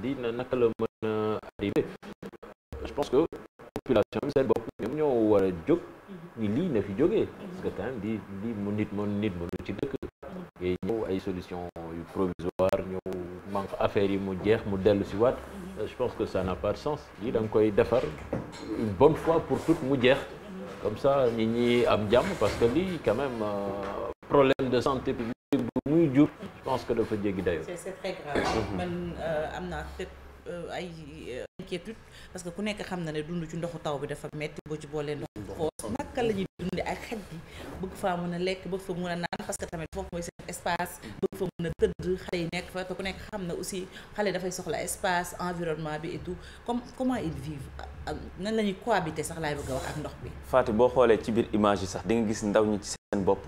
lii na naka la mën a je pense que population bi seen bopp ñoom ñoo war a jóg ni lii na fi jógee parce que quand même lii lii mu nit mën nit mënu ci dëkk ngay ñëw ay solution yu provisoire ñëw manque affaire yi mu jeex mu dellu si waat je pense que ça n'a pas de sens lii da koy defar une bonne fois pour toutes mu jeex comme ça nit ñi am jàmm parce que lii quand même euh, problème de santé publique bu muy jur pense que dafa jéggi dayoo. c'est c'est très mm-hmm. euh, euh, ay euh, inquiétude parce que ku nekk xam na ne dund ci ndoxu taw bi dafa metti boo ci boolee ndoxu xoos naka la ñuy dundee ak xet bi bëgg faa mën a lekk bëgg fa mën a naan parce que tamit foofu mooy seen espace bëgg fa mën a tëdd xale yi nekk fa ku nekk xam na aussi xale dafay soxla espace environnement bi et comme comment ils vivent nan la ñuy cohabiter sax laay bëgg a wax ak ndox bi Fatou boo xoolee ci biir image yi sax di nga gis ndaw ñi ci seen bopp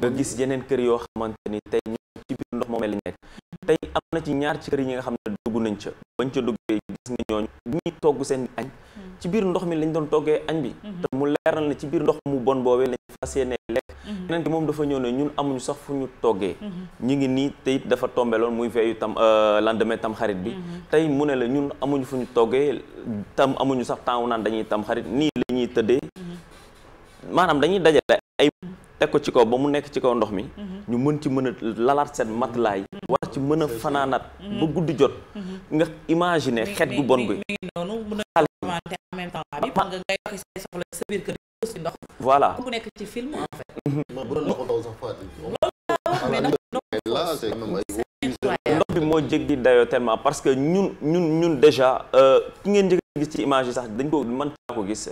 nga gis yeneen kër yoo xamante ni tey ñu ci biir ndox moomee lañ nekk tey am na ci ñaar ci kër yi nga xam ne dugg nañ ca bañ ca duggee gis nga ñooñu ñuy togg hmm. ci bi hmm. te mu leeral na ci biir ndox mu bon boobee lañ fas yéene lekk hmm. keneen ñu toggee ñu ngi nii te it dafa tombe loon muy veillu tam euh, lendemain tam xarit bi tey mu ne la ñun amuñu fu ñu toggee tam amuñu sax temps wu naan dañuy tam xarit nii la tëddee maanaam dañuy dajale teg ko ci kaw ba mu nekk ci kaw ndox mi mhm. ñu mën ci mën a lalaat seen matlaay war ci mën a fanaanaat mhm. ba guddi jot mhm. nga imaginer xet gu bon bi voilà ku nekk ci film en fait ndox bi moo jéggi dayoo tellement parce que ñun ñun ñun déjà euh, ki ngeen njëkk gis ci image yi sax dañ ko mën taa ko gis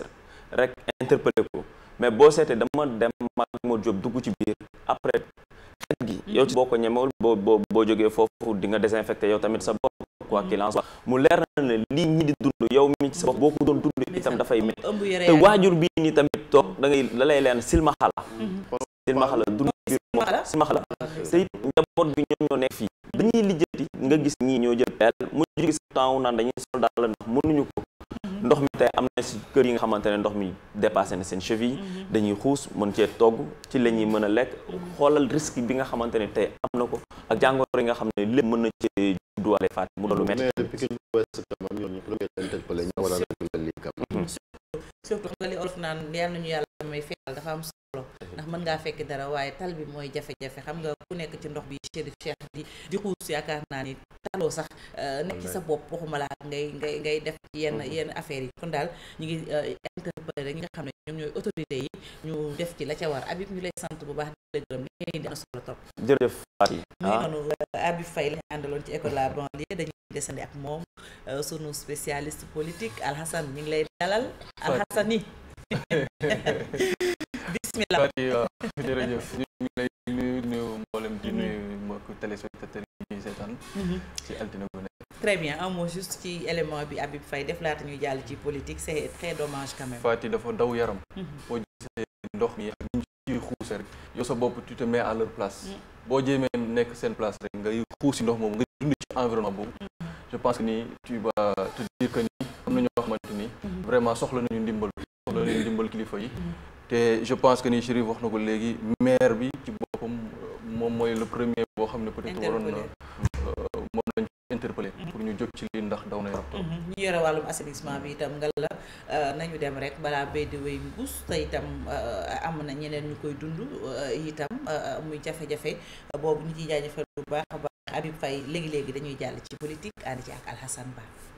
rek interpellé ko mais boo seetee dama dem Mamour Diop dugg ci biir après xet gi mm-hmm. yow ci boo ko ñemewul boo boo boo jógee foofu di nga désinfecté yow tamit sa bopp quoi mm-hmm. qu'il mu leer na ne lii ñi di dund yow mi ci sa bopp boo ko doon dund itam dafay métti te waajur bii nii tamit toog da ngay da lay leen silmaxala mm-hmm. silmaxala dund biir moom silmaxala te it njaboot bi ñoom ñoo nekk fii dañuy lijjanti nga gis ñii ñoo jël peel mu jógi sa temps naan dañuy soldat la ndax mënuñu ndox mi tey am na si kër yi nga xamante ndox mi dépassé na seen cheville mhm. dañuy xuus mën cee togg ci la mën a lekk mhm. xoolal risque bi nga xamante ne am na ko ak jàngoro yi nga xam ne lépp mën na cee judduwaale faat mu doon lu métti mën ngaa fekk dara waaye tal bi mooy jafe-jafe xam nga ku nekk ci ndox bi Chérif Cheikh di di xuus yaakaar naa ni taloo sax euh, nekk ci sa bopp waxuma laa ngay ngay ngay def yenn mm-hmm. yenn affaires yi kon daal ñu ngi euh, interpellé ñi nga xam ne ñoom ñooy autorité yi ñu def ci la ca war Habib ñu lay sant bu baax di la gërëm li ngeen di am solo trop jërëjëf Fatou muy ah. noonu euh, Habib Faye lañu àndaloon ci école la banlieue dañuy desandi ak moom sunu spécialiste politique Alhassane ñu ngi lay dalal Alhassane yi bismillah jërëjëf ñu ngi lay nuyu nuyu mboolem di nuyu mbokk téléspectateurs yi ñuy seetaan mhm. ci altine bu nekk très bien un mot juste ci élément bi Habib Faye def laata ñuy jàll ci politique c'est très dommage quand même Fati dafa daw yaram mhm. boo gisee ndox mi ak ñu mhm. ci xuuse ci environnement boobu je pense que ni tu vas te dire am na ñoo xamante ni vraiment soxla nañu te je pense que ni Chérif wax na ko léegi maire bi ci boppam euh, moom mooy le premier boo xam ne peut-être waroon na euh, moom lañ interpellé mhm. pour ñu jóg ci lii ndax daw na yorop mhm. ñu yore wàllum assainissement bi itam nga la euh, nañu dem rek balaa béy di wéy mbuus te itam am na ñeneen ñu koy dund itam muy jafe-jafe boobu ñu ciy jaajëfal bu baax a baax Habib léegi-léegi dañuy jàll ci politique ànd ci ak Alhassane Ba